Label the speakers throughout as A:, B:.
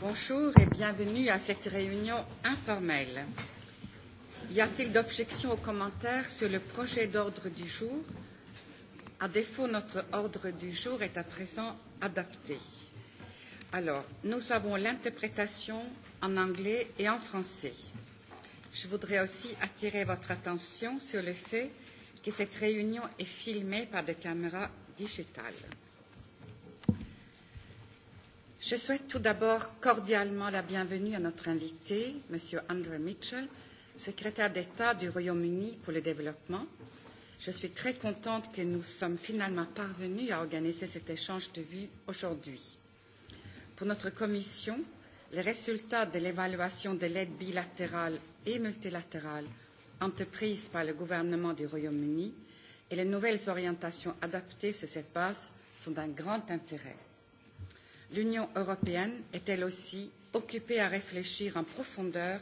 A: Bonjour et bienvenue à cette réunion informelle. Y a-t-il d'objections aux commentaires sur le projet d'ordre du jour À défaut, notre ordre du jour est à présent adapté. Alors, nous avons l'interprétation en anglais et en français. Je voudrais aussi attirer votre attention sur le fait que cette réunion est filmée par des caméras digitales. Je souhaite tout d'abord cordialement la bienvenue à notre invité, M. Andrew Mitchell, secrétaire d'État du Royaume-Uni pour le développement. Je suis très contente que nous sommes finalement parvenus à organiser cet échange de vues aujourd'hui. Pour notre commission, les résultats de l'évaluation de l'aide bilatérale et multilatérale entreprise par le gouvernement du Royaume-Uni et les nouvelles orientations adaptées sur cette base sont d'un grand intérêt l'Union européenne est elle aussi occupée à réfléchir en profondeur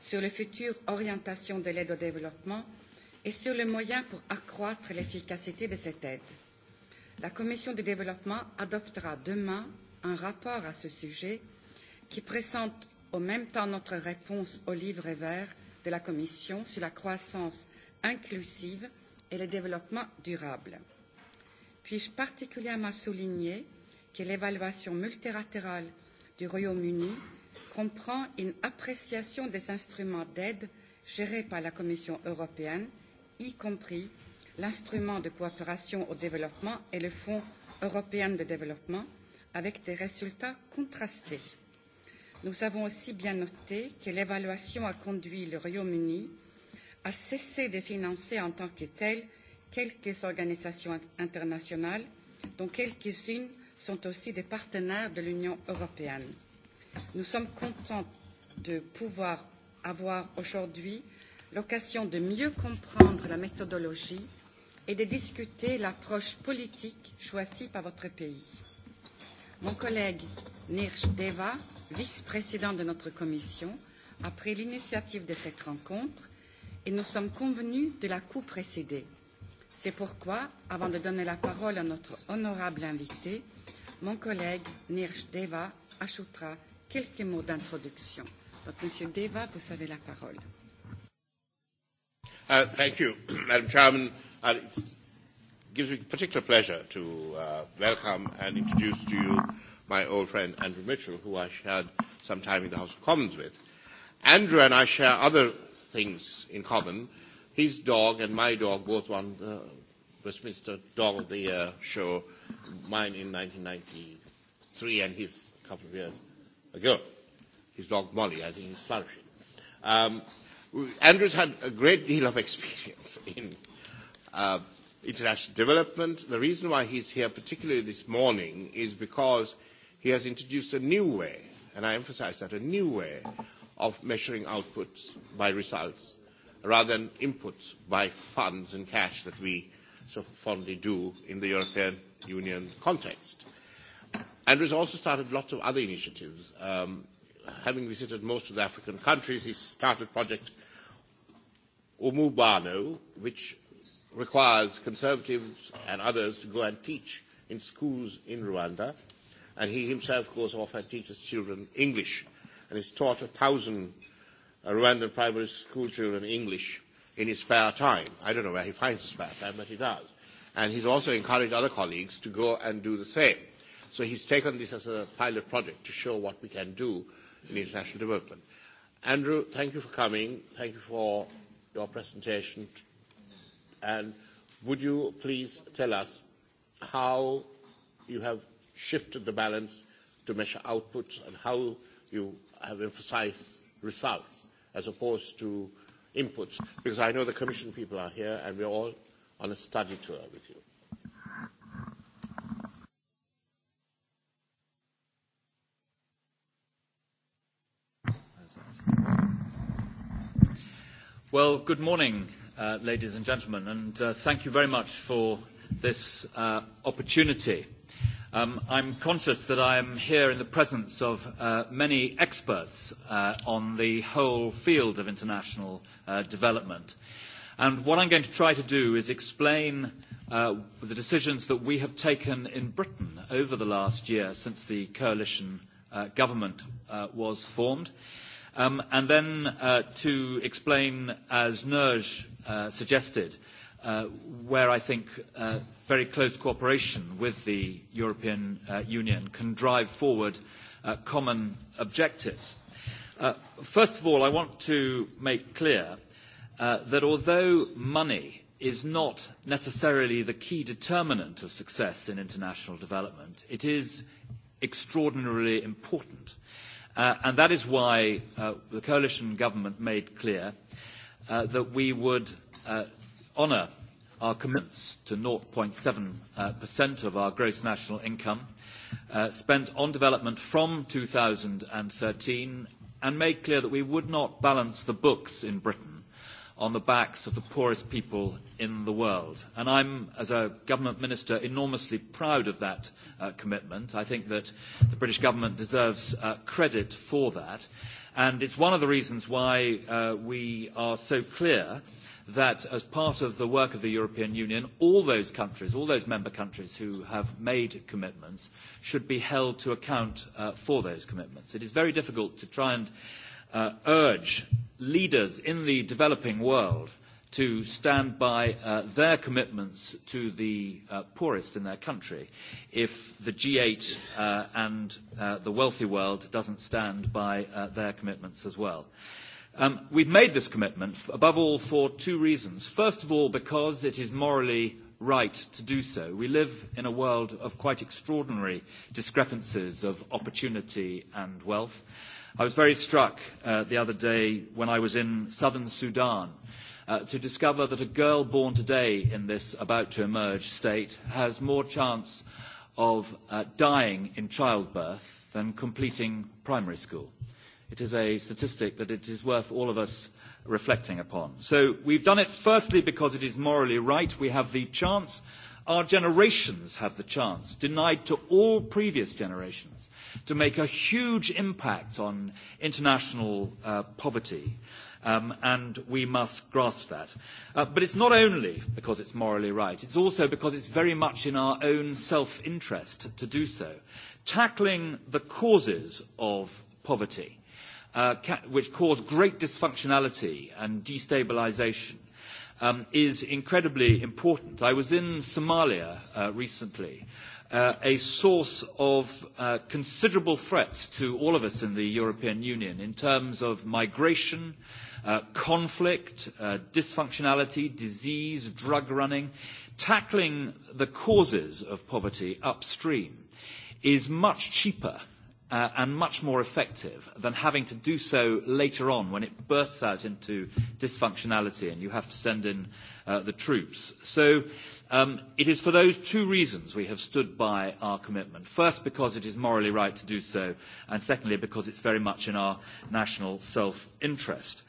A: sur les futures orientations de l'aide au développement et sur les moyens pour accroître l'efficacité de cette aide. La Commission du développement adoptera demain un rapport à ce sujet qui présente en même temps notre réponse au livre vert de la Commission sur la croissance inclusive et le développement durable. Puis-je particulièrement souligner que l'évaluation multilatérale du Royaume-Uni comprend une appréciation des instruments d'aide gérés par la Commission européenne, y compris l'instrument de coopération au développement et le Fonds européen de développement, avec des résultats contrastés. Nous avons aussi bien noté que l'évaluation a conduit le Royaume-Uni à cesser de financer en tant que tel quelques organisations internationales, dont quelques-unes sont aussi des partenaires de l'Union européenne. Nous sommes contents de pouvoir avoir aujourd'hui l'occasion de mieux comprendre la méthodologie et de discuter l'approche politique choisie par votre pays. Mon collègue Nirsch Deva, vice-président de notre commission, a pris l'initiative de cette rencontre et nous sommes convenus de la co-présider. C'est pourquoi, avant de donner la parole à notre honorable invité, mon collègue Nirj Deva ajoutera quelques mots d'introduction. Donc, Monsieur Deva, vous avez la parole.
B: Uh, thank you, Madam Chairman. Uh, it gives me particular pleasure to uh, welcome and introduce to you my old friend Andrew Mitchell, who I shared some time in the House of Commons with. Andrew and I share other things in common. His dog and my dog both won the uh, Westminster Dog of the Year show mine in 1993 and his a couple of years ago. His dog Molly, I think he's flourishing. Um, Andrew's had a great deal of experience in uh, international development. The reason why he's here, particularly this morning, is because he has introduced a new way, and I emphasize that, a new way of measuring outputs by results rather than inputs by funds and cash that we uh, so fondly do in the European Union context. And we've also started lots of other initiatives. Um, having visited most of the African countries, he started Project Umubano, which requires conservatives and others to go and teach in schools in Rwanda. And he himself goes off and teaches children English. And he's taught a thousand Rwandan primary school children English in his spare time. I don't know where he finds his spare time, but he does. And he's also encouraged other colleagues to go and do the same. So he's taken this as a pilot project to show what we can do in international development. Andrew, thank you for coming. Thank you for your presentation. And would you please tell us how you have shifted the balance to measure outputs and how you have emphasized results as opposed to inputs, because I know the Commission people are here and we're all on a study tour with you.
C: Well, good morning, uh, ladies and gentlemen, and uh, thank you very much for this uh, opportunity. Um, I'm conscious that I am here in the presence of uh, many experts uh, on the whole field of international uh, development. And what I'm going to try to do is explain uh, the decisions that we have taken in Britain over the last year since the coalition uh, government uh, was formed. Um, and then uh, to explain, as Nerj uh, suggested, uh, where I think uh, very close cooperation with the European uh, Union can drive forward uh, common objectives. Uh, first of all, I want to make clear uh, that although money is not necessarily the key determinant of success in international development, it is extraordinarily important. Uh, and that is why uh, the coalition government made clear uh, that we would uh, honour our commitments to 0.7% uh, of our gross national income uh, spent on development from 2013 and made clear that we would not balance the books in Britain on the backs of the poorest people in the world. And I'm, as a government minister, enormously proud of that uh, commitment. I think that the British government deserves uh, credit for that. And it's one of the reasons why uh, we are so clear uh, that as part of the work of the European Union, all those countries, all those member countries who have made commitments should be held to account uh, for those commitments. It is very difficult to try and uh, urge leaders in the developing world to stand by uh, their commitments to the uh, poorest in their country if the G8 uh, and uh, the wealthy world doesn't stand by uh, their commitments as well. Uh, Um, we've made this commitment, above all, for two reasons. First of all, because it is morally right to do so. We live in a world of quite extraordinary discrepancies of opportunity and wealth. I was very struck uh, the other day when I was in southern Sudan uh, to discover that a girl born today in this about to emerge state has more chance of uh, dying in childbirth than completing primary school. Uh, it is a statistic that it is worth all of us reflecting upon. So we've done it firstly because it is morally right. We have the chance, our generations have the chance, denied to all previous generations, to make a huge impact on international uh, poverty. Um, and we must grasp that. Uh, but it's not only because it's morally right, it's also because it's very much in our own self-interest to do so. Tackling the causes of poverty uh, which cause great dysfunctionality and destabilization, um, is incredibly important. I was in Somalia uh, recently, uh, a source of uh, considerable threats to all of us in the European Union in terms of migration, uh, conflict, uh, dysfunctionality, disease, drug running. Tackling the causes of poverty upstream is much cheaper uh, and much more effective than having to do so later on when it bursts out into dysfunctionality and you have to send in uh, the troops. So um, it is for those two reasons we have stood by our commitment. First, because it is morally right to do so, and secondly, because it's very much in our national self-interest.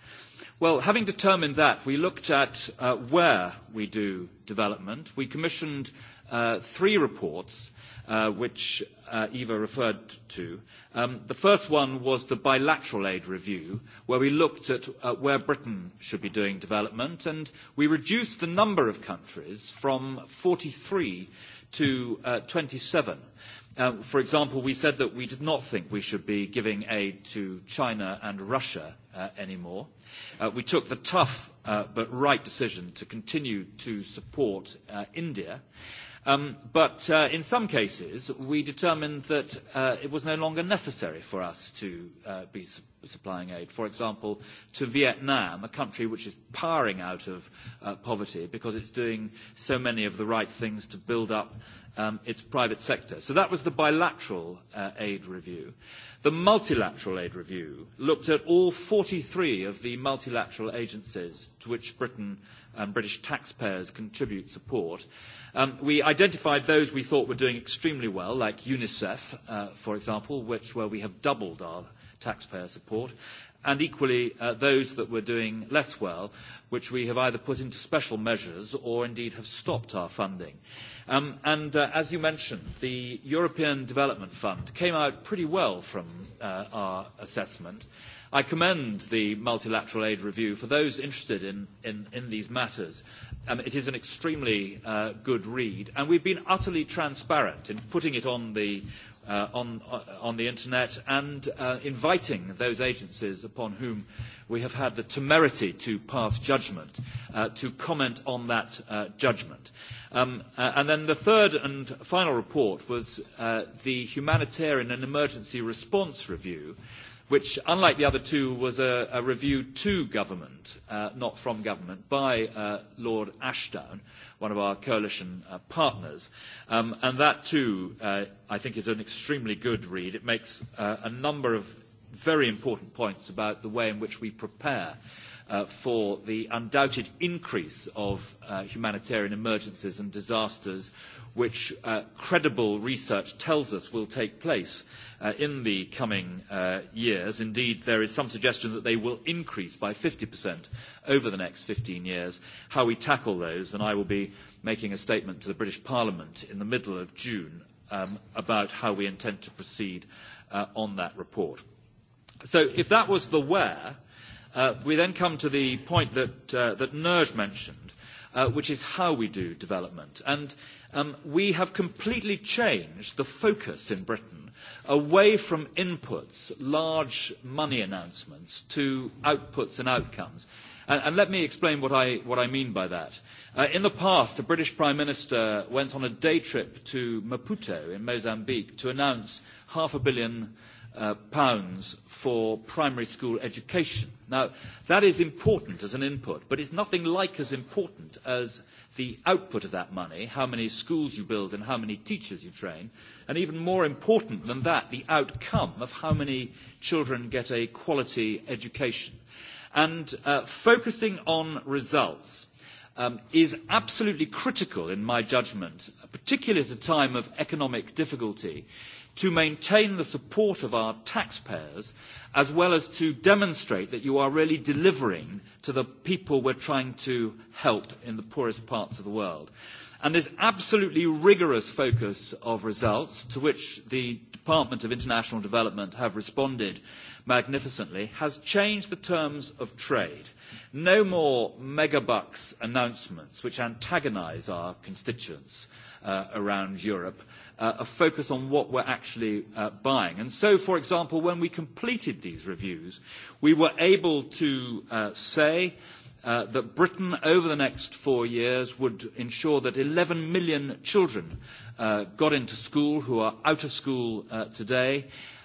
C: Well, having determined that, we looked at uh, where we do development. We commissioned uh, three reports uh, which uh, Eva referred to. Um, the first one was the bilateral aid review, where we looked at uh, where Britain should be doing development, and we reduced the number of countries from 43 to uh, 27. Uh, for example, we said that we did not think we should be giving aid to China and Russia uh, anymore. Uh, we took the tough uh, but right decision to continue to support uh, India. Uh, Um, but uh, in some cases, we determined that uh, it was no longer necessary for us to uh, be su- supplying aid. For example, to Vietnam, a country which is powering out of uh, poverty because it's doing so many of the right things to build up um, its private sector. So that was the bilateral uh, aid review. The multilateral aid review looked at all 43 of the multilateral agencies to which Britain uh, um, British taxpayers contribute support. Um, we identified those we thought were doing extremely well, like UNICEF, uh, for example, which where we have doubled our taxpayer support, and equally uh, those that were doing less well, which we have either put into special measures or indeed have stopped our funding. Um, and uh, as you mentioned, the European Development Fund came out pretty well from uh, our assessment. Uh, I commend the multilateral aid review for those interested in, in, in these matters. Um, it is an extremely uh, good read, and we've been utterly transparent in putting it on the uh, on, uh, on the internet and uh, inviting those agencies upon whom we have had the temerity to pass judgment uh, to comment on that uh, judgment. Um, uh, and then the third and final report was uh, the humanitarian and emergency response review. Uh, which, unlike the other two, was a, a review to government, uh, not from government, by uh, Lord Ashdown, one of our coalition uh, partners. Um, and that, too, uh, I think is an extremely good read. It makes uh, a number of very important points about the way in which we prepare uh, for the undoubted increase of uh, humanitarian emergencies and disasters, which uh, credible research tells us will take place uh, uh, in the coming uh, years. Indeed, there is some suggestion that they will increase by 50% over the next 15 years. How we tackle those, and I will be making a statement to the British Parliament in the middle of June um, about how we intend to proceed uh, on that report. So if that was the where, uh, we then come to the point that, uh, that Nerj mentioned, uh, which is how we do development. And uh, um, we have completely changed the focus in Britain away from inputs, large money announcements, to outputs and outcomes. And, and let me explain what I, what I mean by that. Uh, in the past, the British Prime Minister went on a day trip to Maputo in Mozambique to announce half a billion uh, pounds for primary school education. Now, that is important as an input, but it's nothing like as important as the output of that money, how many schools you build and how many teachers you train, and even more important than that, the outcome of how many children get a quality education. And uh, focusing on results um, is absolutely critical, in my judgment, particularly at a time of economic difficulty, to maintain the support of our taxpayers, as well as to demonstrate that you are really delivering to the people we're trying to help in the poorest parts of the world. And this absolutely rigorous focus of results, to which the Department of International Development have responded magnificently, has changed the terms of trade. No more megabucks announcements which antagonize our constituents uh, around Europe uh, a focus on what we're actually uh, buying. And so, for example, when we completed these reviews, we were able to uh, say Uh, that Britain, over the next four years, would ensure that 11 million children uh, got into school who are out of school uh, today.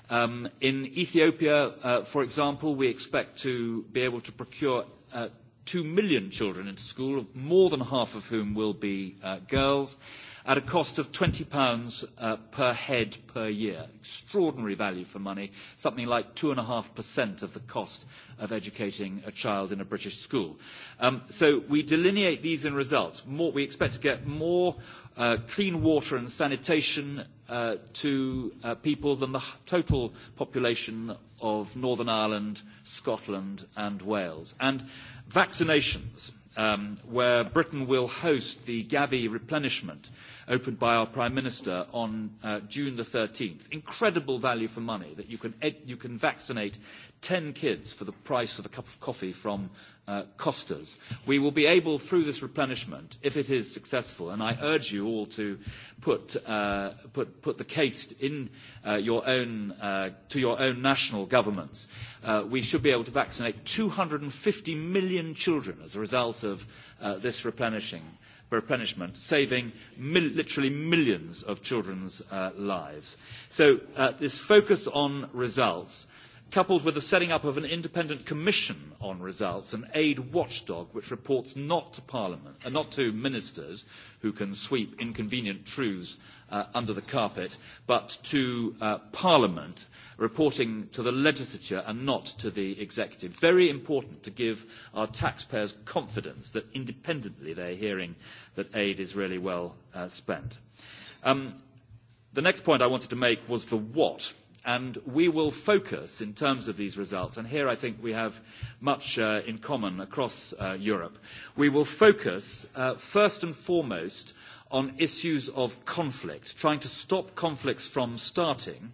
C: Um, in Ethiopia, uh, for example, we expect to be able to procure uh, 2 million children into school, more than half of whom will be uh, girls. Uh, at a cost of £20 uh, per head per year. Extraordinary value for money, something like 2.5% of the cost of educating a child in a British school. Um, so we delineate these in results. More, we expect to get more uh, clean water and sanitation uh, to uh, people than the total population of Northern Ireland, Scotland and Wales. And vaccinations um, where Britain will host the Gavi replenishment opened by our Prime Minister on uh, June the 13th. Incredible value for money that you can, ed- you can vaccinate 10 kids for the price of a cup of coffee from uh, cost us. We will be able, through this replenishment, if it is successful, and I urge you all to put, uh, put, put the case in uh, your own, uh, to your own national governments, uh, we should be able to vaccinate 250 million children as a result of uh, this replenishing replenishment, saving mil- literally millions of children's uh, lives. So uh, this focus on results coupled with the setting up of an independent commission on results, an aid watchdog, which reports not to Parliament, uh, not to ministers who can sweep inconvenient truths uh, under the carpet, but to uh, Parliament, reporting to the legislature and not to the executive. Very important to give our taxpayers confidence that independently they're hearing that aid is really well uh, spent. Um, the next point I wanted to make was the what. Uh, and we will focus in terms of these results, and here I think we have much uh, in common across uh, Europe. We will focus uh, first and foremost on issues of conflict, trying to stop conflicts from starting,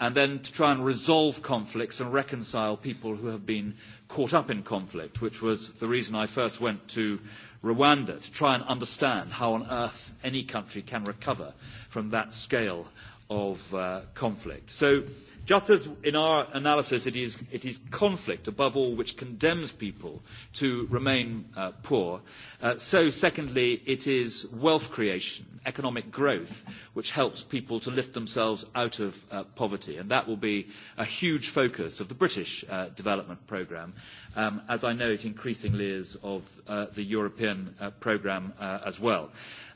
C: and then to try and resolve conflicts and reconcile people who have been caught up in conflict, which was the reason I first went to Rwanda, to try and understand how on earth any country can recover from that scale of uh, conflict. So, just as in our analysis it is, it is conflict above all which condemns people to remain uh, poor, uh, so secondly it is wealth creation, economic growth, which helps people to lift themselves out of uh, poverty. And that will be a huge focus of the British uh, development programme, um, as I know it increasingly is of uh, the European uh, programme uh, as well.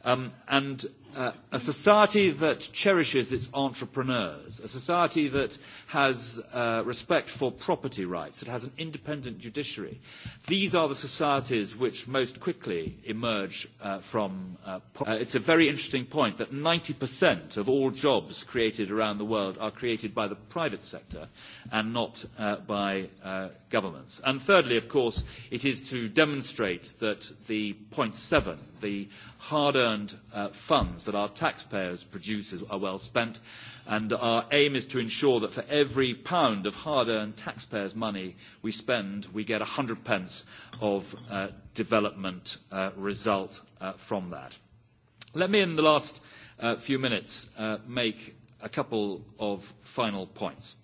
C: Um, and Uh, a society that cherishes its entrepreneurs, a society that has uh, respect for property rights, that has an independent judiciary. These are the societies which most quickly emerge uh, from. Uh, po- uh, it's a very interesting point that 90% of all jobs created around the world are created by the private sector and not uh, by uh, governments. And thirdly, of course, it is to demonstrate that the point seven the hard-earned uh, funds that our taxpayers produce are well spent, and our aim is to ensure that for every pound of hard-earned taxpayers' money we spend, we get 100 pence of uh, development uh, result uh, from that. Let me, in the last uh, few minutes, uh, make a couple of final points.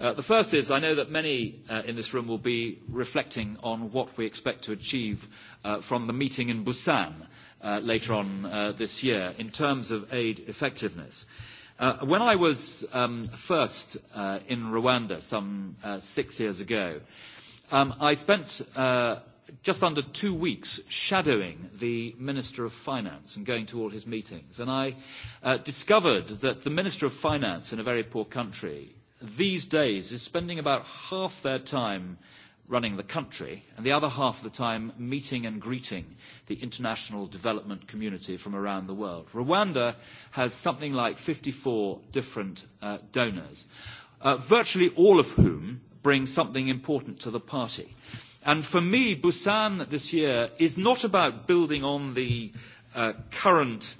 C: Uh, the first is I know that many uh, in this room will be reflecting on what we expect to achieve uh, from the meeting in Busan uh, later on uh, this year in terms of aid effectiveness. Uh, when I was um, first uh, in Rwanda some uh, six years ago, um, I spent uh, just under two weeks shadowing the Minister of Finance and going to all his meetings. And I uh, discovered that the Minister of Finance in a very poor country these days is spending about half their time uh, running the country, and the other half of the time meeting and greeting the international development community from around the world. Rwanda has something like 54 different uh, donors, uh, virtually all of whom bring something important to the party. And for me, Busan this year is not about building on the uh, current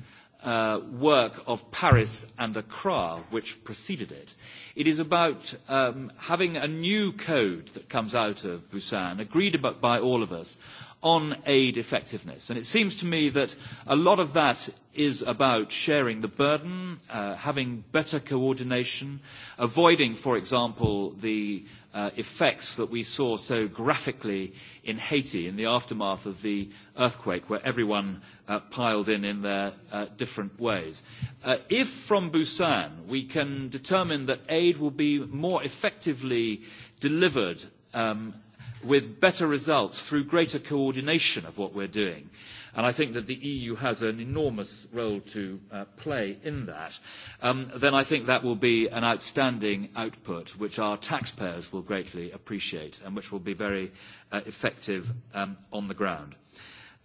C: uh, work of Paris and Accra, which preceded it. It is about um, having a new code that comes out of Busan, agreed about by all of us, on aid effectiveness. And it seems to me that a lot of that is about sharing the burden, uh, having better coordination, avoiding, for example, the uh, effects that we saw so graphically in Haiti in the aftermath of the earthquake, where everyone uh, piled in in their uh, different ways. Uh, if from Busan we can determine that aid will be more effectively delivered um, with better results through greater coordination of what we're doing. And I think that the EU has an enormous role to uh, play in that. Um, then I think that will be an outstanding output, which our taxpayers will greatly appreciate and which will be very uh, effective um, on the ground.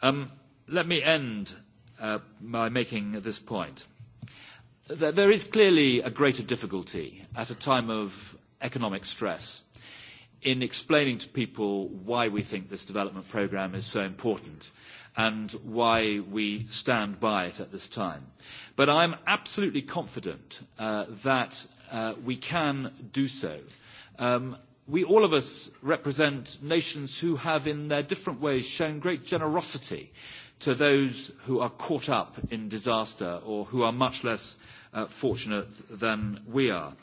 C: Um, let me end uh, by making this point. There is clearly a greater difficulty at a time of economic stress in explaining to people why we think this development programme is so important and why we stand by it at this time. But I'm absolutely confident uh, that uh, we can do so. Um, we all of us represent nations who have in their different ways shown great generosity to those who are caught up in disaster or who are much less uh, fortunate than we are.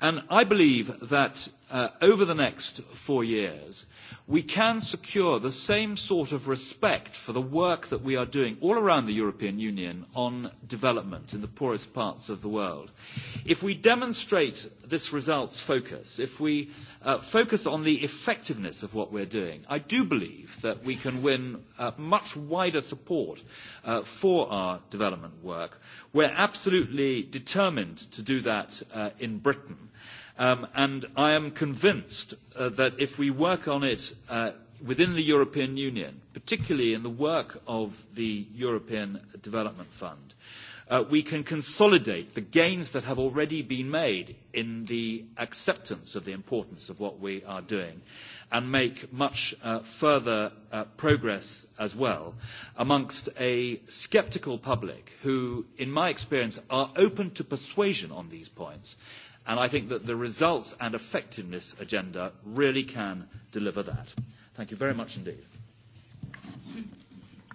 C: And I believe that uh, over the next four years, we can secure the same sort of respect for the work that we are doing all around the European Union on development in the poorest parts of the world. If we demonstrate this results focus, if we uh, focus on the effectiveness of what we're doing, I do believe that we can win uh, much wider support uh, for our development work. We're absolutely determined to do that uh, in Britain. Um, and I am convinced uh, that if we work on it uh, within the European Union, particularly in the work of the European Development Fund, uh, we can consolidate the gains that have already been made in the acceptance of the importance of what we are doing and make much uh, further uh, progress as well amongst a sceptical public who, in my experience, are open to persuasion on these points And I think that the results and effectiveness agenda really can deliver that. Thank you very much indeed.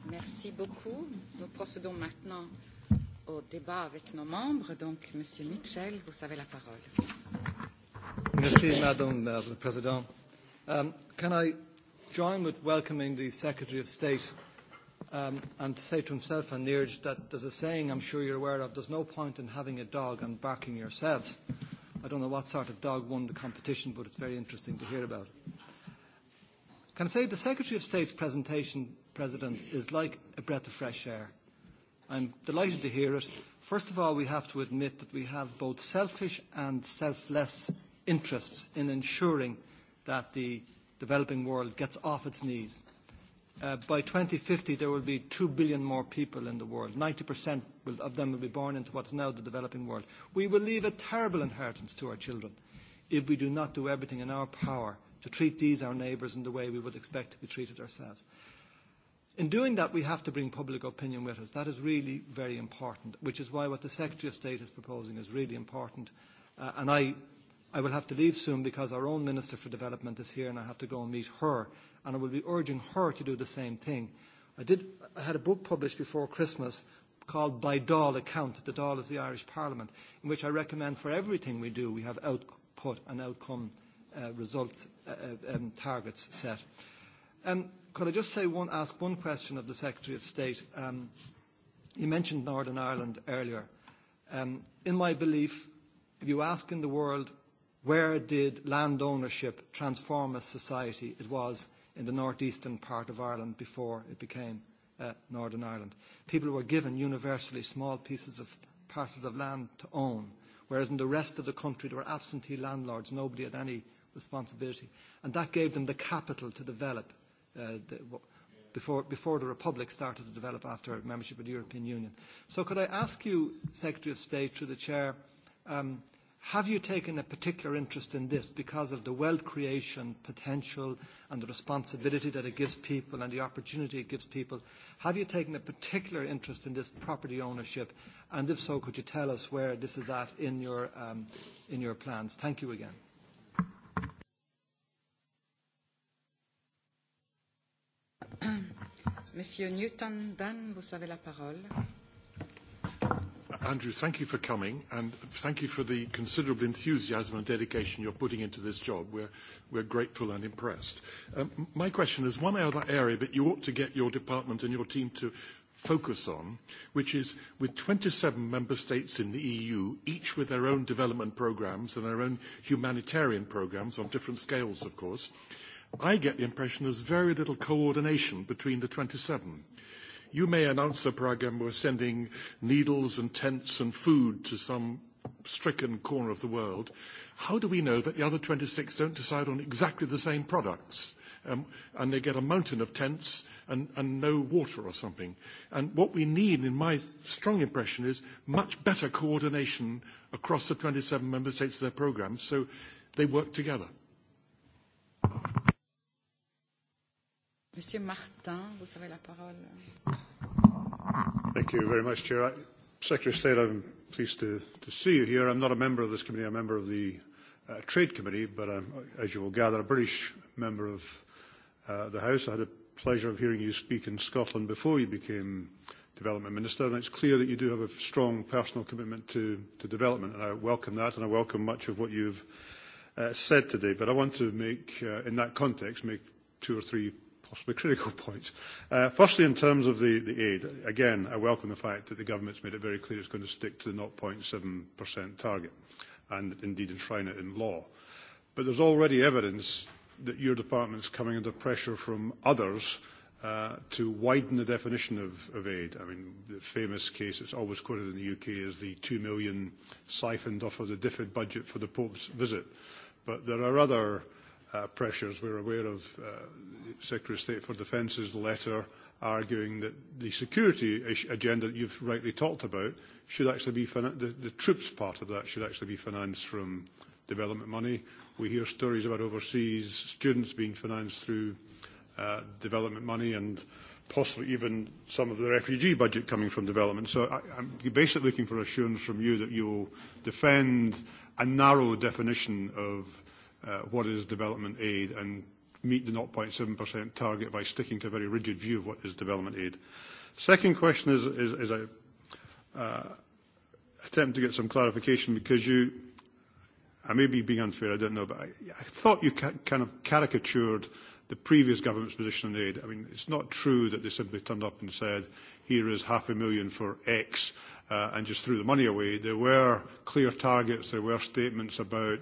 A: Merci beaucoup. Nous procédons maintenant au débat avec nos membres. Donc, Monsieur Mitchell, vous avez la parole.
D: Merci, Madame la Présidente. Um, can I join with welcoming the Secretary of State um, and to say to himself and Neerj that there's a saying I'm sure you're aware of, there's no point in having a dog and barking yourselves. Uh, I don't know what sort of dog won the competition, but it's very interesting to hear about. Can I say the Secretary of State's presentation, President, is like a breath of fresh air. I'm delighted to hear it. First of all, we have to admit that we have both selfish and selfless interests in ensuring that the developing world gets off its knees. Uh, by 2050, there will be 2 billion more people in the world, 90% will, of them will be born into what's now the developing world. We will leave a terrible inheritance to our children if we do not do everything in our power to treat these, our neighbours, in the way we would expect to be treated ourselves. In doing that, we have to bring public opinion with us. That is really very important, which is why what the Secretary of State is proposing is really important. Uh, and I, I will have to leave soon because our own Minister for Development is here and I have to go and meet her. And I will be urging her to do the same thing. I, did, I had a book published before Christmas called by Dáil account. The Dáil is the Irish Parliament, in which I recommend for everything we do, we have output and outcome uh, results uh, uh, um, targets set. Um, could I just say one, ask one question of the Secretary of State? Um, you mentioned Northern Ireland earlier. Um, in my belief, if you ask in the world where did land ownership transform a society, it was in the northeastern part of Ireland before it became uh, Northern Ireland. People were given universally small pieces of parcels of land to own, whereas in the rest of the country there were absentee landlords, nobody had any responsibility. And that gave them the capital to develop uh, the, before, before the Republic started to develop after membership of the European Union. So could I ask you, Secretary of State, through the Chair, um, uh, Have you taken a particular interest in this because of the wealth creation potential and the responsibility that it gives people and the opportunity it gives people? Have you taken a particular interest in this property ownership? And if so, could you tell us where this is at in your, um, in your plans? Thank you again.
A: Monsieur Newton Dunn, vous avez la parole.
E: Andrew, thank you for coming, and thank you for the considerable enthusiasm and dedication you're putting into this job. We're, we're grateful and impressed. Um, my question is one other area that you ought to get your department and your team to focus on, which is with 27 member states in the EU, each with their own development programs and their own humanitarian programs on different scales, of course, I get the impression there's very little coordination between the 27 you may announce a program we're sending needles and tents and food to some stricken corner of the world. How do we know that the other 26 don't decide on exactly the same products? Um, and they get a mountain of tents and, and no water or something. And what we need, in my strong impression, is much better coordination across the 27 member states of their programs so they work together.
A: Monsieur Martin, vous avez la parole.
F: Thank you very much, Chair. I, Secretary of State, I'm pleased to, to see you here. I'm not a member of this committee. I'm a member of the uh, Trade Committee, but I'm, as you will gather, a British member of uh, the House. I had a pleasure of hearing you speak in Scotland before you became Development Minister, and it's clear that you do have a strong personal commitment to, to development, and I welcome that, and I welcome much of what you've uh, said today. But I want to make, uh, in that context, make two or three possibly critical points. Uh, firstly, in terms of the, the aid, again, I welcome the fact that the government's made it very clear it's going to stick to the 0.7% target and indeed enshrine it in law. But there's already evidence that your department's coming under pressure from others uh, to widen the definition of, of aid. I mean, the famous case that's always quoted in the UK is the 2 million siphoned off of the DFID budget for the Pope's visit. But there are other uh, uh, pressures. We're aware of uh, Secretary of State for Defence's letter arguing that the security agenda that you've rightly talked about should actually be fin- the, the troops part of that should actually be financed from development money. We hear stories about overseas students being financed through uh, development money and possibly even some of the refugee budget coming from development. So I, I'm basically looking for assurance from you that you'll defend a narrow definition of uh, what is development aid and meet the 0.7% target by sticking to a very rigid view of what is development aid. Second question is, is, is a uh, attempt to get some clarification because you, I may be being unfair, I don't know, but I, I thought you ca- kind of caricatured the previous government's position on aid. I mean, it's not true that they simply turned up and said, here is half a million for X uh, and just threw the money away. There were clear targets, there were statements about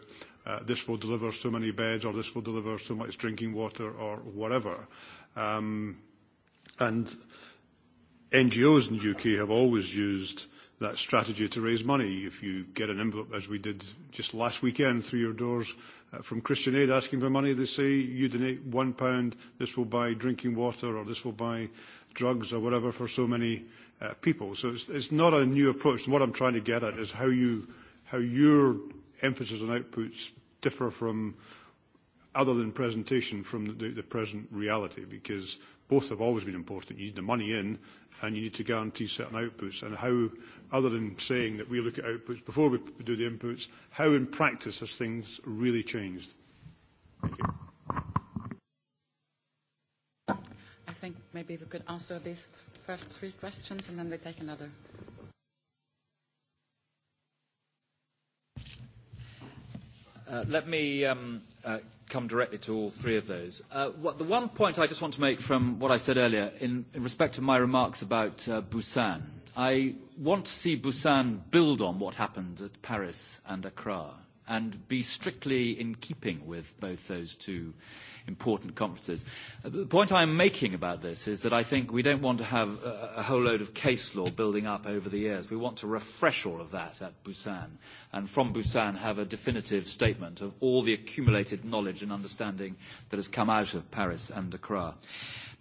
F: uh, this will deliver so many beds or this will deliver so much drinking water or whatever. Um, and NGOs in the UK have always used that strategy to raise money. If you get an envelope, as we did just last weekend through your doors uh, from Christian Aid asking for money, they say you donate one pound, this will buy drinking water or this will buy drugs or whatever for so many uh, people. So it's, it's not a new approach. And what I'm trying to get at is how you, how your emphasis on outputs differ from, other than presentation, from the, the present reality, because both have always been important. You need the money in, and you need to guarantee certain outputs. And how, other than saying that we look at outputs before we do the inputs, how in practice has things really changed? Thank you.
A: I think maybe we could answer these first three questions, and then we take another
C: Uh, let me um, uh, come directly to all three of those. Uh, what, the one point I just want to make from what I said earlier in, in respect to my remarks about uh, Busan, I want to see Busan build on what happened at Paris and Accra and be strictly in keeping with both those two important conferences. Uh, the point I'm making about this is that I think we don't want to have a, a whole load of case law building up over the years. We want to refresh all of that at Busan, and from Busan have a definitive statement of all the accumulated knowledge and understanding that has come out of Paris and Accra.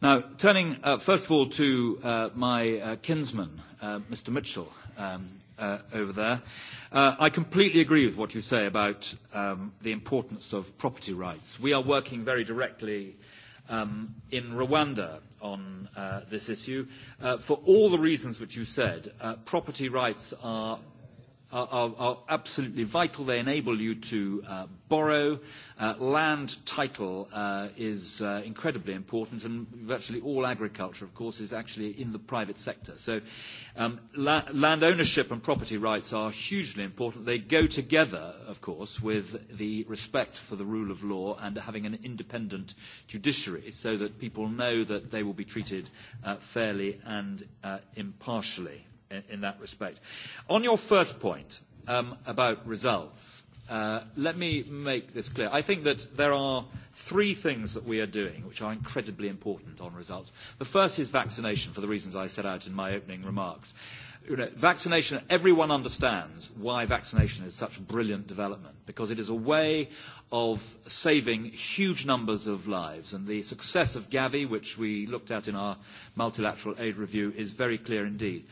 C: Now, turning uh, first of all to uh, my uh, kinsman, uh, Mr. Mitchell, um, uh, over there. Uh, I completely agree with what you say about um, the importance of property rights. We are working very directly um, in Rwanda on uh, this issue. Uh, for all the reasons which you said, uh, property rights are are, are, are absolutely vital. They enable you to uh, borrow. Uh, land title uh, is uh, incredibly important, and virtually all agriculture, of course, is actually in the private sector. So um, la- land ownership and property rights are hugely important. They go together, of course, with the respect for the rule of law and having an independent judiciary so that people know that they will be treated uh, fairly and uh, impartially in, in that respect. On your first point um, about results, uh, let me make this clear. I think that there are three things that we are doing which are incredibly important on results. The first is vaccination, for the reasons I set out in my opening remarks. You know, vaccination, everyone understands why vaccination is such brilliant development, because it is a way of saving huge numbers of lives. And the success of Gavi, which we looked at in our multilateral aid review, is very clear indeed.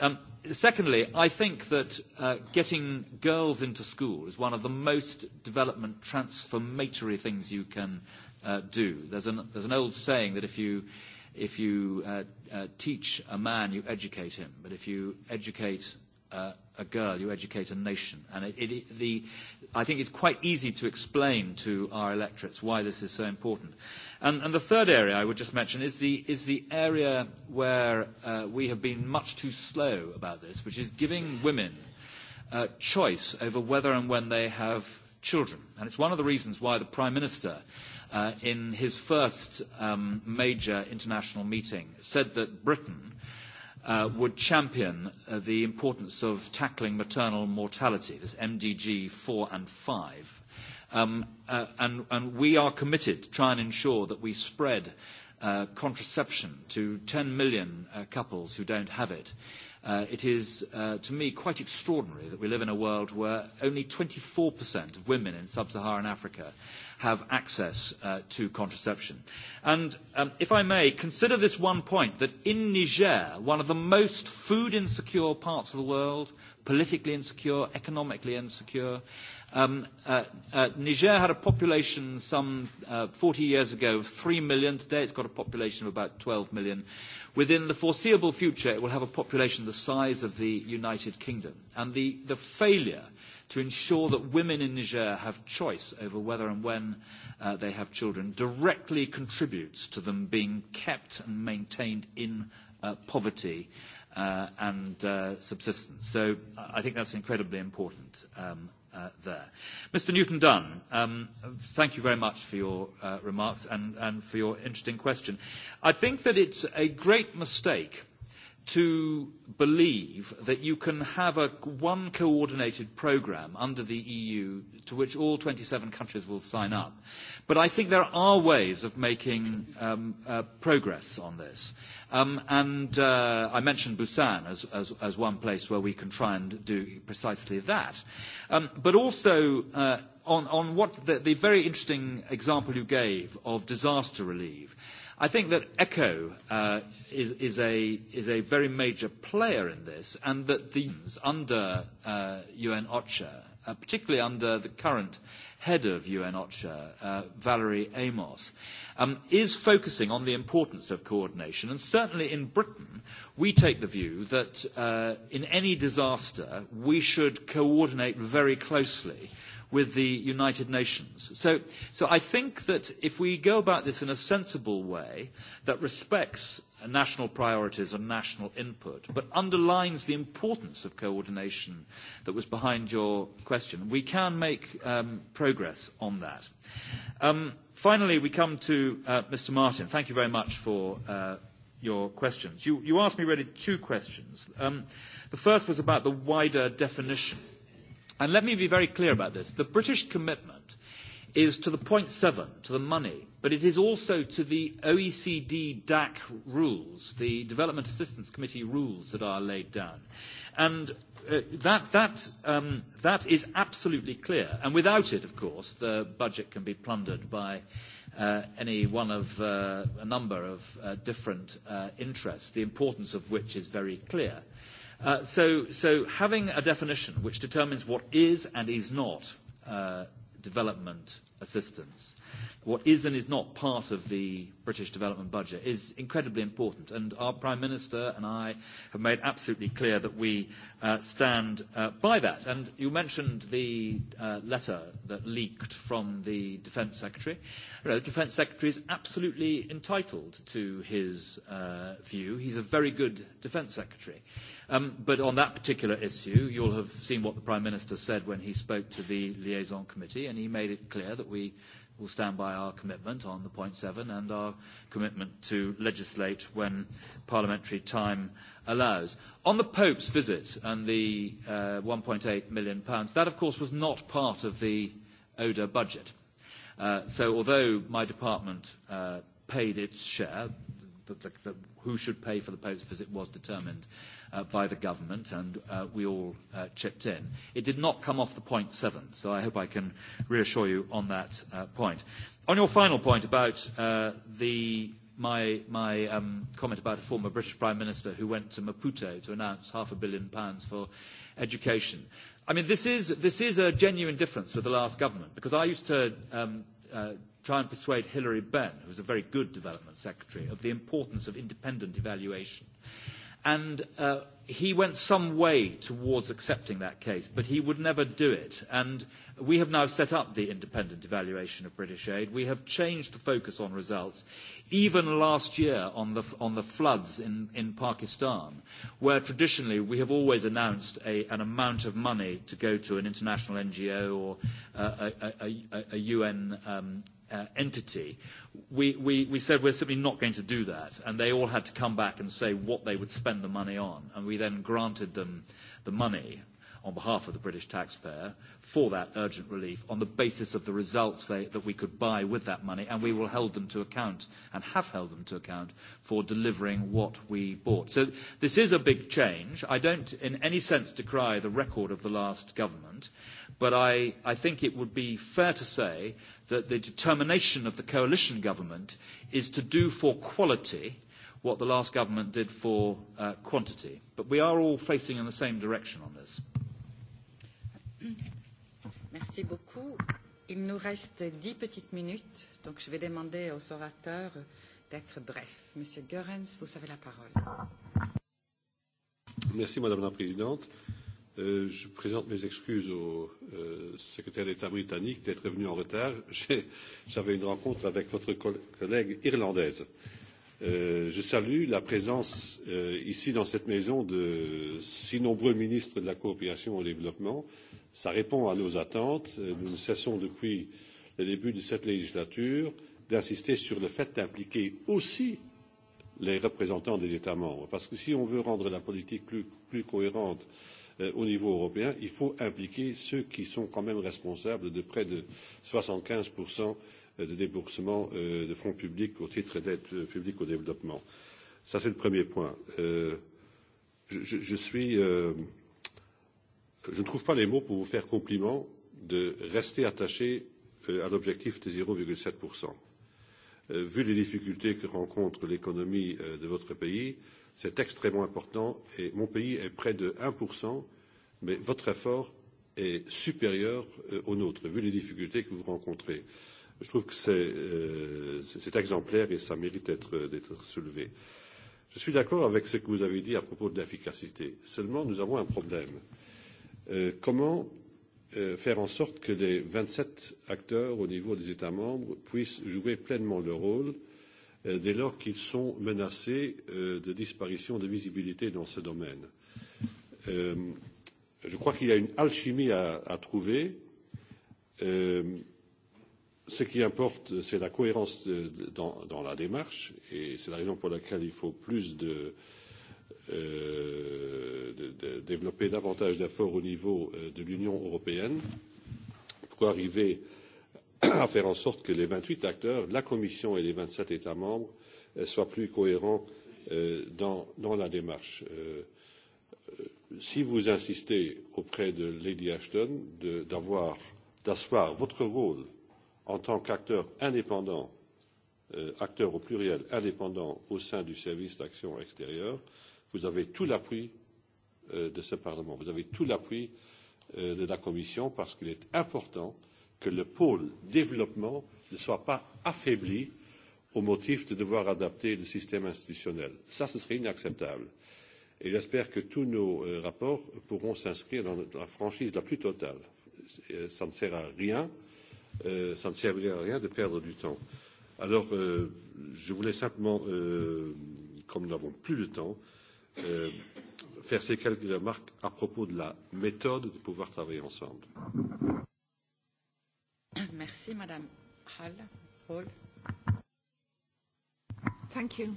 C: Um, secondly, I think that uh, getting girls into school is one of the most development transformatory things you can uh, do. There's an, there's an old saying that if you, if you uh, uh, teach a man, you educate him. But if you educate uh, a girl, you educate a nation. And it, it, the, I think it's quite easy to explain to our electorates why this is so important. And, and the third area I would just mention is the, is the area where uh, we have been much too slow about this, which is giving women uh, choice over whether and when they have children. And it's one of the reasons why the Prime Minister, uh, in his first um, major international meeting, said that Britain – uh, would champion uh, the importance of tackling maternal mortality, this MDG 4 and 5. Um, uh, and, and we are committed to try and ensure that we spread uh, contraception to 10 million uh, couples who don't have it. Uh, Uh, it is, uh, to me, quite extraordinary that we live in a world where only 24% of women in sub-Saharan Africa have access uh, to contraception. And um, if I may, consider this one point, that in Niger, one of the most food insecure parts of the world, politically insecure, economically insecure, Um, uh, uh, Niger had a population some uh, 40 years ago of 3 million. Today it's got a population of about 12 million. Within the foreseeable future, it will have a population the size of the United Kingdom. And the, the failure to ensure that women in Niger have choice over whether and when uh, they have children directly contributes to them being kept and maintained in uh, poverty uh, and uh, subsistence. So I think that's incredibly important. Um, uh, there. Mr. Newton Dunn, um, thank you very much for your uh, remarks and, and for your interesting question. I think that it's a great mistake to believe that you can have a, one coordinated program under the EU to which all 27 countries will sign up. But I think there are ways of making um, uh, progress on this. Um, and uh, I mentioned Busan as, as, as one place where we can try and do precisely that. Um, but also uh, on, on what the, the very interesting example you gave of disaster relief. Uh, I think that ECHO uh, is, is, a, is a very major player in this, and that the under uh, UN OCHA, uh, particularly under the current head of UN OCHA, uh, Valerie Amos, um, is focusing on the importance of coordination. And certainly in Britain, we take the view that uh, in any disaster, we should coordinate very closely uh, with the United Nations. So, so I think that if we go about this in a sensible way that respects national priorities and national input, but underlines the importance of coordination that was behind your question. We can make um, progress on that. Um, finally, we come to uh, Mr. Martin. Thank you very much for uh, your questions. You, you asked me really two questions. Um, the first was about the wider definition And let me be very clear about this. The British commitment is to the 0.7, to the money, but it is also to the OECD DAC rules, the Development Assistance Committee rules that are laid down. And uh, that, that, um, that is absolutely clear. And without it, of course, the budget can be plundered by uh, any one of uh, a number of uh, different uh, interests, the importance of which is very clear. Uh, so, so having a definition which determines what is and is not uh, development assistance. What is and is not part of the British development budget is incredibly important, and our Prime Minister and I have made absolutely clear that we uh, stand uh, by that. And you mentioned the uh, letter that leaked from the Defence Secretary. You know, the Defence Secretary is absolutely entitled to his uh, view. He's a very good Defence Secretary. Um, but on that particular issue, you'll have seen what the Prime Minister said when he spoke to the liaison committee, and he made it clear that we will stand by our commitment on the point seven and our commitment to legislate when parliamentary time allows. On the Pope's visit and the uh, 1.8 million pounds, that of course was not part of the ODA budget. Uh, so although my department uh, paid its share, the, the, the, who should pay for the Pope's visit was determined. Uh, uh, by the government, and uh, we all uh, chipped in. It did not come off the 0.7, so I hope I can reassure you on that uh, point. On your final point about uh, the my, my um, comment about a former British Prime Minister who went to Maputo to announce half a billion pounds for education. I mean, this is, this is a genuine difference with the last government, because I used to um, uh, try and persuade Hilary Benn, who was a very good development secretary, of the importance of independent evaluation. Uh, And uh, he went some way towards accepting that case, but he would never do it. And we have now set up the independent evaluation of British aid. We have changed the focus on results. Even last year on the, on the floods in, in Pakistan, where traditionally we have always announced a, an amount of money to go to an international NGO or uh, a, a, a, a UN um, uh, entity, we, we, we said we're simply not going to do that. And they all had to come back and say what they would spend the money on. And we then granted them the money on behalf of the British taxpayer for that urgent relief on the basis of the results they, that we could buy with that money, and we will hold them to account and have held them to account for delivering what we bought. So this is a big change. I don't in any sense decry the record of the last government, but I, I think it would be fair to say that the determination of the coalition government is to do for quality what the last government did for uh, quantity. But we are all facing in the same direction on this.
A: Merci beaucoup. Il nous reste dix petites minutes, donc je vais demander aux orateurs d'être brefs. Monsieur Goerens, vous avez la parole.
G: Merci, Madame la Présidente. Euh, je présente mes excuses au euh, secrétaire d'État britannique d'être venu en retard. J'avais une rencontre avec votre collègue irlandaise. Euh, Euh, je salue la présence euh, ici dans cette maison de si nombreux ministres de la coopération au développement. Ça répond à nos attentes. Euh, nous ne cessons depuis le début de cette législature d'insister sur le fait d'impliquer aussi les représentants des États membres. Parce que si on veut rendre la politique plus, plus cohérente euh, au niveau européen, il faut impliquer ceux qui sont quand même responsables de près de 75 Euh, de déboursement euh, de fonds publics au titre d'aide euh, publique au développement. Ça, c'est le premier point. Euh, je, je, je suis. Euh, je ne trouve pas les mots pour vous faire compliment de rester attaché euh, à l'objectif des 0,7 euh, Vu les difficultés que rencontre l'économie euh, de votre pays, c'est extrêmement important et mon pays est près de 1 mais votre effort est supérieur euh, au nôtre, vu les difficultés que vous rencontrez. Euh, Je trouve que c'est euh, exemplaire et ça mérite d'être soulevé. Je suis d'accord avec ce que vous avez dit à propos de l'efficacité. Seulement, nous avons un problème. Euh, comment euh, faire en sorte que les 27 acteurs au niveau des États membres puissent jouer pleinement leur rôle euh, dès lors qu'ils sont menacés euh, de disparition de visibilité dans ce domaine euh, Je crois qu'il y a une alchimie à, à trouver. Euh, ce qui importe, c'est la cohérence dans, dans la démarche, et c'est la raison pour laquelle il faut plus de, euh, de, de développer davantage d'efforts au niveau euh, de l'Union européenne pour arriver à faire en sorte que les 28 acteurs, la Commission et les 27 États membres euh, soient plus cohérents euh, dans, dans la démarche. Euh, euh si vous insistez auprès de Lady Ashton d'avoir, d'asseoir votre rôle en tant qu'acteur indépendant euh, acteur au pluriel indépendant au sein du service pour l'action extérieure vous avez tout l'appui euh, de ce parlement vous avez tout l'appui euh, de la commission parce qu'il est important que le pôle développement ne soit pas affaibli au motif de devoir adapter le système institutionnel. ce serait inacceptable et j'espère que tous nos rapports pourront s'inscrire dans la franchise la plus totale. cela ne sert à rien euh, ça ne servirait à rien de perdre du temps. Alors, euh, je voulais simplement, euh, comme nous n'avons plus de temps, euh, faire ces quelques remarques à propos de la méthode de pouvoir travailler ensemble.
A: Merci, Madame Hall. Hall.
H: Thank you.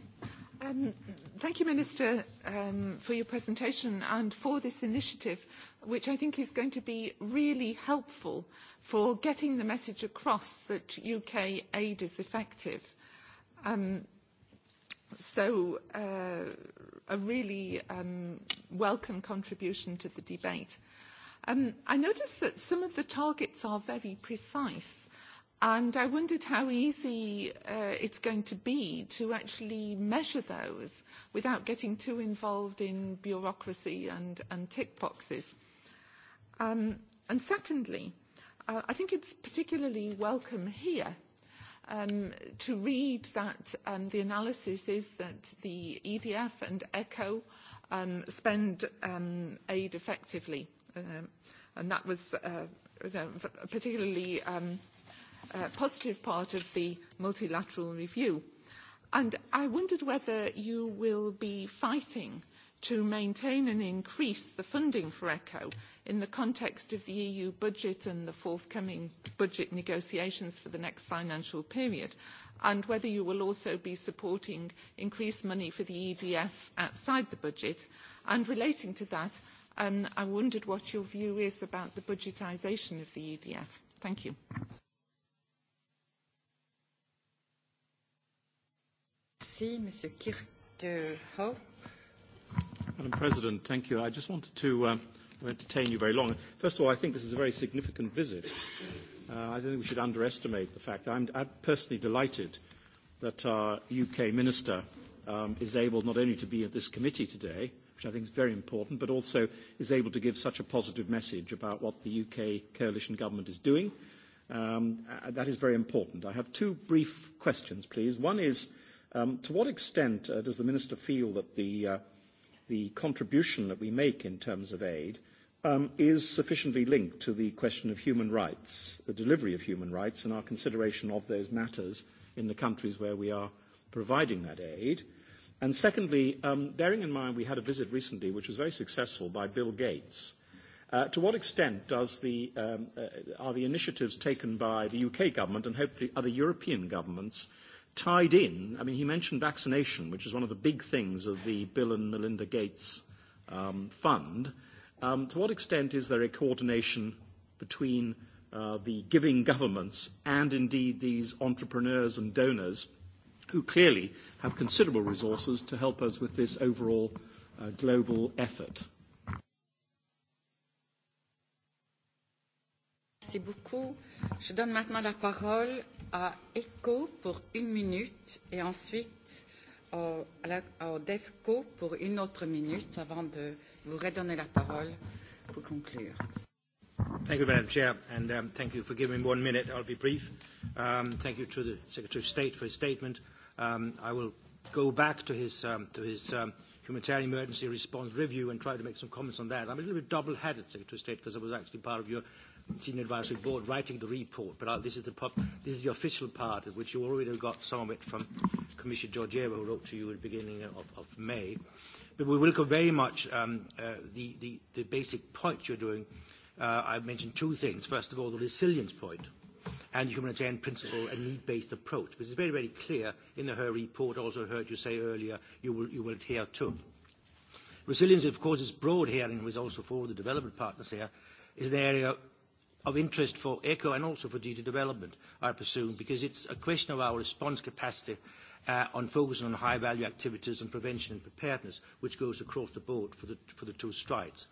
H: Um, thank you, Minister, um, for your presentation and for this initiative, which I think is going to be really helpful for getting the message across that UK aid is effective. Um, so uh, a really um, welcome contribution to the debate. Um, I noticed that some of the targets are very precise And I wondered how easy uh, it's going to be to actually measure those without getting too involved in bureaucracy and, and tick boxes. Um, and secondly, uh, I think it's particularly welcome here um, to read that um, the analysis is that the EDF and ECHO um, spend um, aid effectively. Um, and that was uh, particularly um, – uh, positive part of the multilateral review. And I wondered whether you will be fighting to maintain and increase the funding for ECHO in the context of the EU budget and the forthcoming budget negotiations for the next financial period, and whether you will also be supporting increased money for the EDF outside the budget. And relating to that, um, I wondered what your view is about the budgetisation of the EDF. Thank you.
A: Merci, Monsieur Kirkhope.
I: Madam President, thank you. I just wanted to um, entertain you very long. First of all, I think this is a very significant visit. Uh, I don't think we should underestimate the fact. I'm, I'm personally delighted that our UK minister um, is able not only to be at this committee today, which I think is very important, but also is able to give such a positive message about what the UK coalition government is doing. Um, uh, that is very important. I have two brief questions, please. One is, uh, Um, to what extent uh, does the Minister feel that the, uh, the contribution that we make in terms of aid um, is sufficiently linked to the question of human rights, the delivery of human rights, and our consideration of those matters in the countries where we are providing that aid? And secondly, um, bearing in mind we had a visit recently which was very successful by Bill Gates, uh, to what extent does the, um, uh, are the initiatives taken by the UK government and hopefully other European governments uh, tied in, I mean, he mentioned vaccination, which is one of the big things of the Bill and Melinda Gates um, Fund. Um, to what extent is there a coordination between uh, the giving governments and indeed these entrepreneurs and donors who clearly have considerable resources to help us with this overall uh, global effort?
A: Merci beaucoup. Je donne maintenant la parole à ECHO pour une minute et ensuite au, à la, au DEFCO pour une autre minute avant de vous redonner la parole pour conclure.
J: Thank you, Madam Chair, and um, thank you for giving me one minute. I'll be brief. Um, thank you to the Secretary of State for his statement. Um, I will go back to his, um, to his um, humanitarian emergency response review and try to make some comments on that. I'm a little bit double-headed, Secretary of State, because I was actually part of your senior advisory board writing the report, but uh, this is the pub, this is the official part, of which you already got some of it from Commissioner Georgieva, who wrote to you at the beginning of, of May. But we welcome very much um, uh, the, the, the basic point you're doing. Uh, I mentioned two things. First of all, the resilience point and the humanitarian principle and need-based approach, which is very, very clear in the her report. Also heard you say earlier you will, you will adhere to. Resilience, of course, is broad here and was also for the development partners here, is an area of interest for ECHO and also for DG Development are pursuing because it's a question of our response capacity uh, on focusing on high-value activities and prevention and preparedness, which goes across the board for the, for the two strides.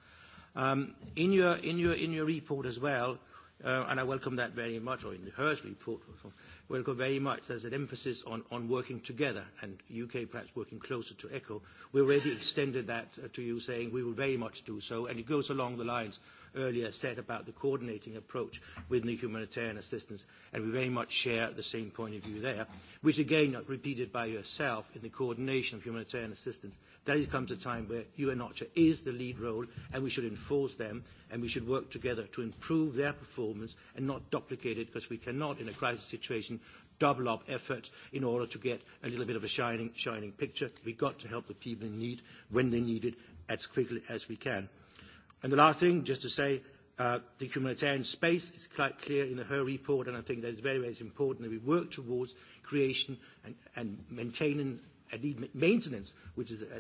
J: Um, in, your, in, your, in your report as well, uh, and I welcome that very much, or in the HERS report, welcome very much, there's an emphasis on, on working together, and UK perhaps working closer to ECHO. We already extended that uh, to you, saying we will very much do so, and it goes along the lines earlier said about the coordinating approach with the humanitarian assistance, and we very much share the same point of view there, which again, not repeated by yourself in the coordination of humanitarian assistance, there comes a time where UNOCHA is the lead role, and we should enforce them, and we should work together to improve their performance and not duplicate it, because we cannot, in a crisis situation, double up effort in order to get a little bit of a shining, shining picture. We've got to help the people in need when they need it as quickly as we can. And the last thing, just to say, uh, the humanitarian space is quite clear in her report, and I think that it's very, very important that we work towards creation and, and maintaining, and need maintenance, which is, at, uh,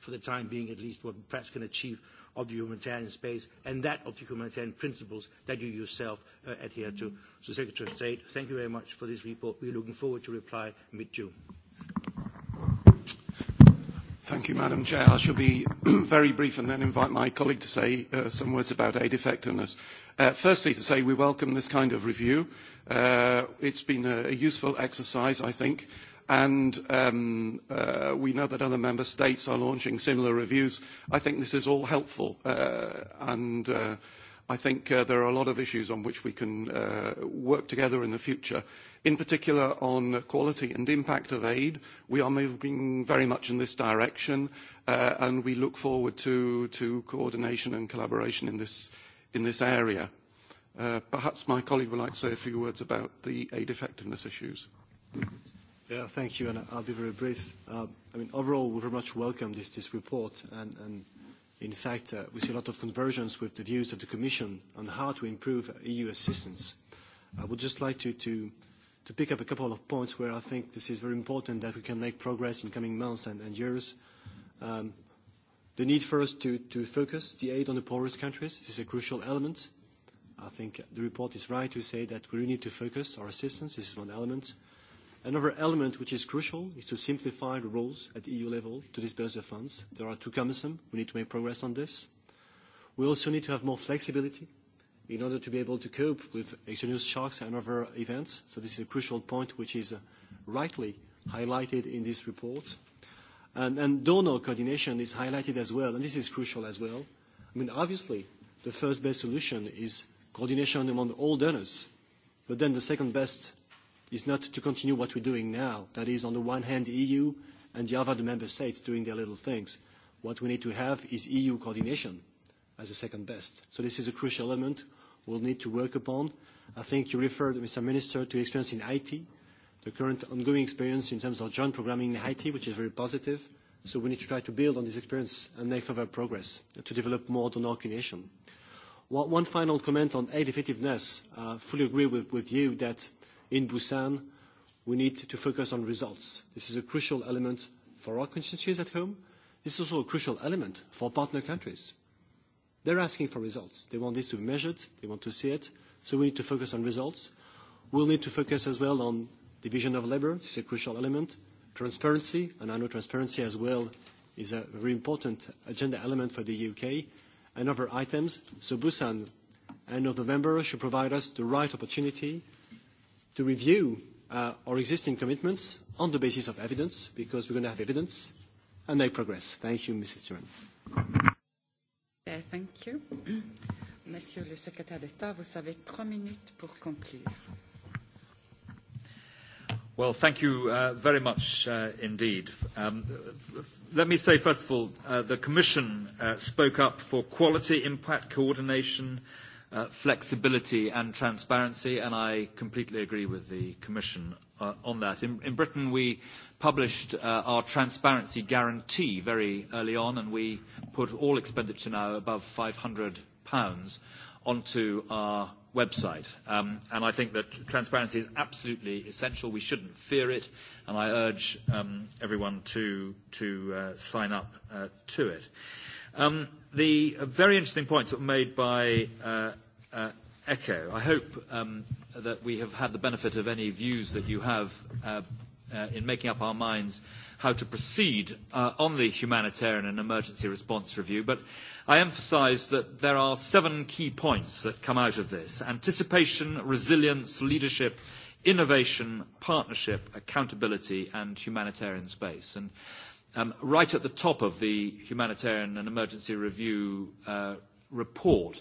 J: for the time being at least, what we perhaps can achieve of the humanitarian space and that of the humanitarian principles that you yourself uh, adhere to. So, Secretary of State, thank you very much for this report. We're looking forward to reply mid-June. Thank
E: you, Madam Chair. I shall be very brief and then invite my colleague to say uh, some words about aid effectiveness. Uh, firstly, to say we welcome this kind of review. Uh, it's been a, a useful exercise, I think, and um, uh, we know that other member states are launching similar reviews. I think this is all helpful, uh, and uh, I think uh, there are a lot of issues on which we can uh, work together in the future. In particular, on quality and impact of aid, we are moving very much in this direction, uh, and we look forward to, to coordination and collaboration in this, in this area. Uh, perhaps my colleague would like to say a few words about the aid effectiveness issues.
K: Yeah, thank you, and I'll be very brief. Uh, I mean, overall, we very much welcome this, this report, and, and In fact, uh, we see a lot of convergence with the views of the Commission on how to improve EU assistance. I would just like to, to, to pick up a couple of points where I think this is very important that we can make progress in coming months and, and years. Um, the need first to, to focus the aid on the poorest countries. This is a crucial element. I think the report is right to say that we really need to focus our assistance. This is one element. Uh, Another element which is crucial is to simplify the rules at the EU level to disperse the funds. They are too cumbersome. We need to make progress on this. We also need to have more flexibility in order to be able to cope with exogenous shocks and other events. So this is a crucial point which is uh, rightly highlighted in this report. And, and donor coordination is highlighted as well, and this is crucial as well. I mean, obviously, the first best solution is coordination among all donors, but then the second best is not to continue what we're doing now. That is, on the one hand, the EU and the other, the member states doing their little things. What we need to have is EU coordination as a second best. So this is a crucial element we'll need to work upon. I think you referred, Mr. Minister, to experience in IT, the current ongoing experience in terms of joint programming in IT, which is very positive. So we need to try to build on this experience and make further progress to develop more donor coordination. One final comment on aid effectiveness. I uh, fully agree with, with you that in Busan, we need to focus on results. This is a crucial element for our constituencies at home. This is also a crucial element for partner countries. They're asking for results. They want this to be measured. They want to see it. So we need to focus on results. We'll need to focus as well on division of labor. This is a crucial element. Transparency, and I know transparency as well is a very important agenda element for the U.K. and other items. So Busan, end of November, should provide us the right opportunity to review uh, our existing commitments on the basis of evidence, because we're going to have evidence, and they progress. Thank you, Mr. Chairman.
A: Yeah, thank you. Monsieur le secrétaire d'État, vous avez trois minutes pour conclure.
C: Well, thank you uh, very much uh, indeed. Um, let me say, first of all, uh, the Commission uh, spoke up for quality impact coordination, uh, flexibility and transparency, and I completely agree with the Commission uh, on that. In, in Britain, we published uh, our transparency guarantee very early on, and we put all expenditure now above 500 pounds onto our website. Um, and I think that transparency is absolutely essential. We shouldn't fear it, and I urge um, everyone to, to uh, sign up uh, to it. Uh, Um, the very interesting points that were made by uh, uh, Echo. I hope um, that we have had the benefit of any views that you have uh, uh, in making up our minds how to proceed uh, on the humanitarian and emergency response review. But I emphasise that there are seven key points that come out of this. Anticipation, resilience, leadership, innovation, partnership, accountability, and humanitarian space. And Um, right at the top of the humanitarian and emergency review uh, report,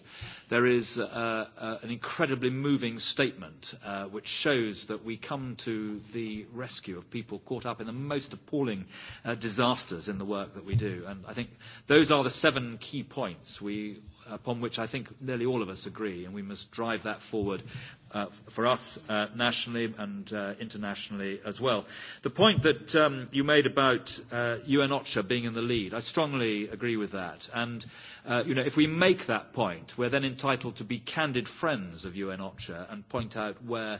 C: There is uh, uh, an incredibly moving statement uh, which shows that we come to the rescue of people caught up in the most appalling uh, disasters in the work that we do. And I think those are the seven key points we, upon which I think nearly all of us agree, and we must drive that forward uh, for us uh, nationally and uh, internationally as well. The point that um, you made about uh, UN OCHA being in the lead, I strongly agree with that. And, uh, you know, if we make that point, we're then in entitled to be candid friends of UN OCHA and point out where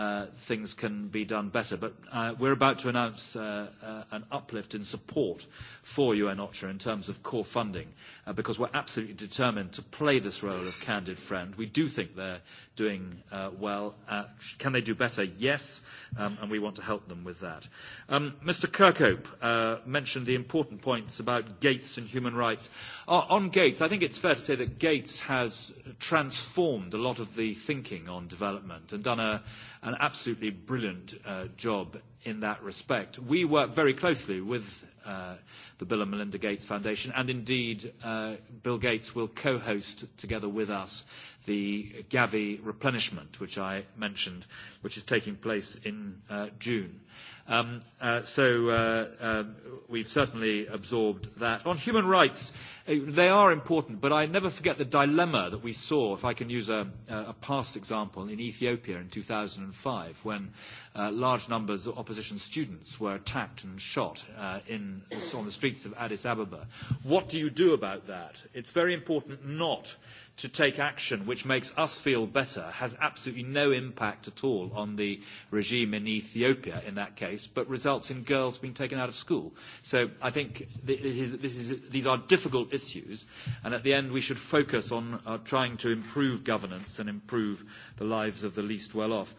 C: uh, things can be done better. But uh, we're about to announce uh, uh, an uplift in support for UN OCHA in terms of core funding, uh, because we're absolutely determined to play this role of candid friend. We do think they're doing uh, well. Uh, can they do better? Yes, um, and we want to help them with that. Um, Mr. Kirkhope uh, mentioned the important points about Gates and human rights. Uh, on Gates, I think it's fair to say that Gates has transformed a lot of the thinking on development and done a, a an absolutely brilliant uh, job in that respect. We work very closely with uh, the Bill and Melinda Gates Foundation, and indeed, uh, Bill Gates will co-host together with us the Gavi replenishment, which I mentioned, which is taking place in uh, June. Um, uh, so uh, uh, we've certainly absorbed that. On human rights, uh, Uh, they are important, but I never forget the dilemma that we saw, if I can use a, a past example, in Ethiopia in 2005, when uh, large numbers of opposition students were attacked and shot uh, in, on the streets of Addis Ababa. What do you do about that? It's very important not to take action which makes us feel better has absolutely no impact at all on the regime in Ethiopia in that case, but results in girls being taken out of school. So I think this is, these are difficult issues, and at the end we should focus on uh, trying to improve governance and improve the lives of the least well off.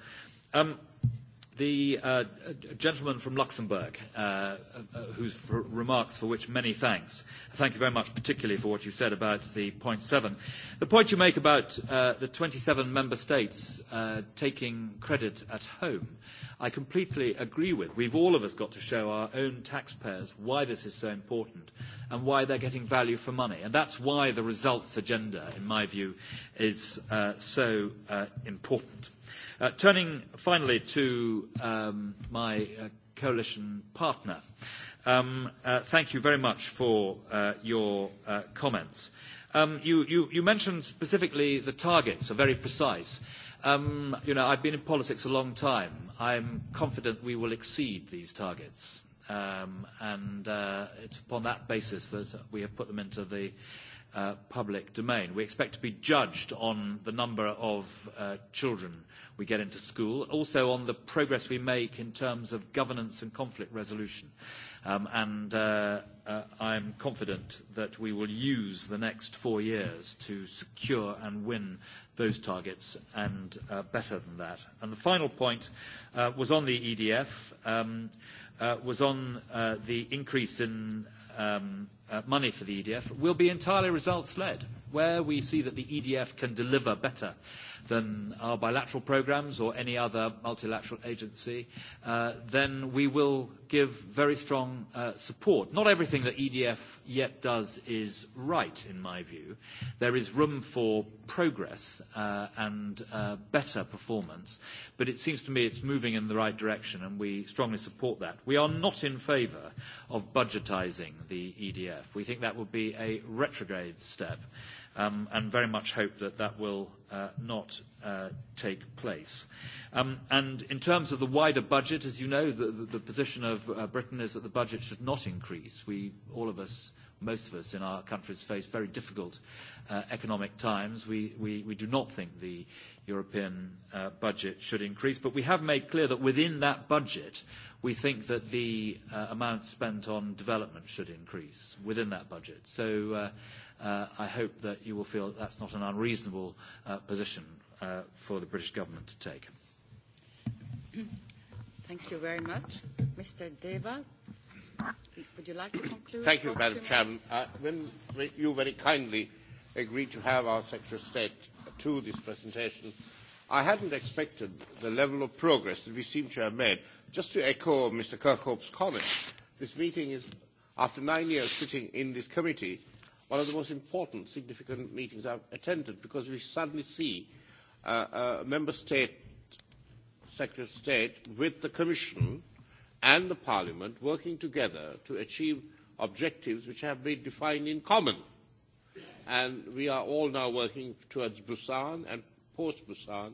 C: Um, the uh, gentleman from Luxembourg, uh, uh, uh whose for remarks for which many thanks. Thank you very much, particularly for what you said about the point seven. The point you make about uh, the 27 member states uh, taking credit at home, I completely agree with. We've all of us got to show our own taxpayers why this is so important and why they're getting value for money. And that's why the results agenda, in my view, is uh, so uh, important. Uh, Uh, turning finally to um, my uh, coalition partner, um, uh, thank you very much for uh, your uh, comments. Um, you, you, you mentioned specifically the targets are very precise. Um, you know, I've been in politics a long time. I'm confident we will exceed these targets. Um, and uh, it's upon that basis that we have put them into the uh, uh, public domain. We expect to be judged on the number of uh, children we get into school, also on the progress we make in terms of governance and conflict resolution. Um, and uh, uh, I'm confident that we will use the next four years to secure and win those targets and uh, better than that. And the final point uh, was on the EDF, um, uh, was on uh, the increase in um, uh, money for the EDF will be entirely results-led where we see that the EDF can deliver better than our bilateral programs or any other multilateral agency, uh, then we will give very strong uh, support. Not everything that EDF yet does is right, in my view. There is room for progress uh, and uh, better performance, but it seems to me it's moving in the right direction, and we strongly support that. We are not in favour of budgetising the EDF. We think that would be a retrograde step. Uh, um, and very much hope that that will uh, not uh, take place. Um, and in terms of the wider budget, as you know, the, the, the position of uh, Britain is that the budget should not increase. We, all of us, most of us in our countries face very difficult uh, economic times. We, we, we do not think the European uh, budget should increase, but we have made clear that within that budget, we think that the uh, amount spent on development should increase within that budget. So, uh, uh, I hope that you will feel that that's not an unreasonable uh, position uh, for the British government to take.
A: Thank you very much. Mr. Deva, would you like to conclude? Thank you, Madam Chairman.
B: Uh, when you very kindly agreed to have our Secretary of State to this presentation, I hadn't expected the level of progress that we seem to have made. Just to echo Mr. Kirkhope's comments, this meeting is, after nine years sitting in this committee, one of the most important significant meetings I've attended because we suddenly see uh, a uh, member state, secretary of state, with the commission and the parliament working together to achieve objectives which have been defined in common. And we are all now working towards Busan and post-Busan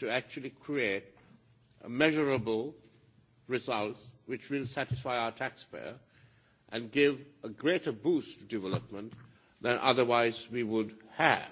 B: to actually create measurable results which will satisfy our taxpayer and give a greater boost to development than otherwise we would have.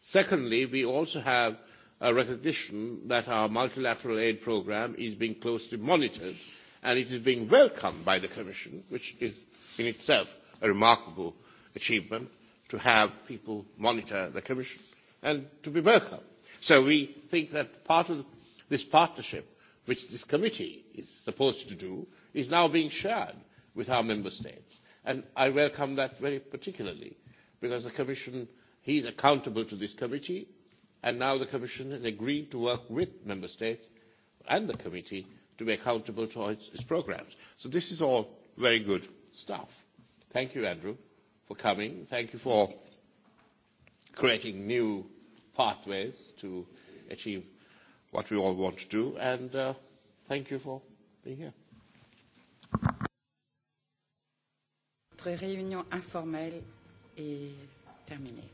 B: Secondly, we also have a recognition that our multilateral aid program is being closely monitored and it is being welcomed by the Commission, which is in itself a remarkable achievement to have people monitor the Commission and to be welcomed. So we think that part of this partnership, which this committee is supposed to do, is now being shared with our member states. And I welcome that very particularly because the Commission, he is accountable to this committee and now the Commission has agreed to work with Member States and the committee to be accountable to its, its programs. So this is all very good stuff. Thank you, Andrew, for coming. Thank you for creating new pathways to achieve what we all want to do. And uh, thank you for being here.
A: notre réunion informelle est terminée.